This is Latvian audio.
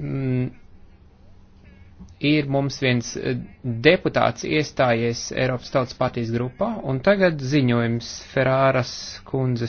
Mm, ir mums viens eh, deputāts iestājies Eiropas Tautas partijas grupā, un tagad ziņojums Ferāras kundzes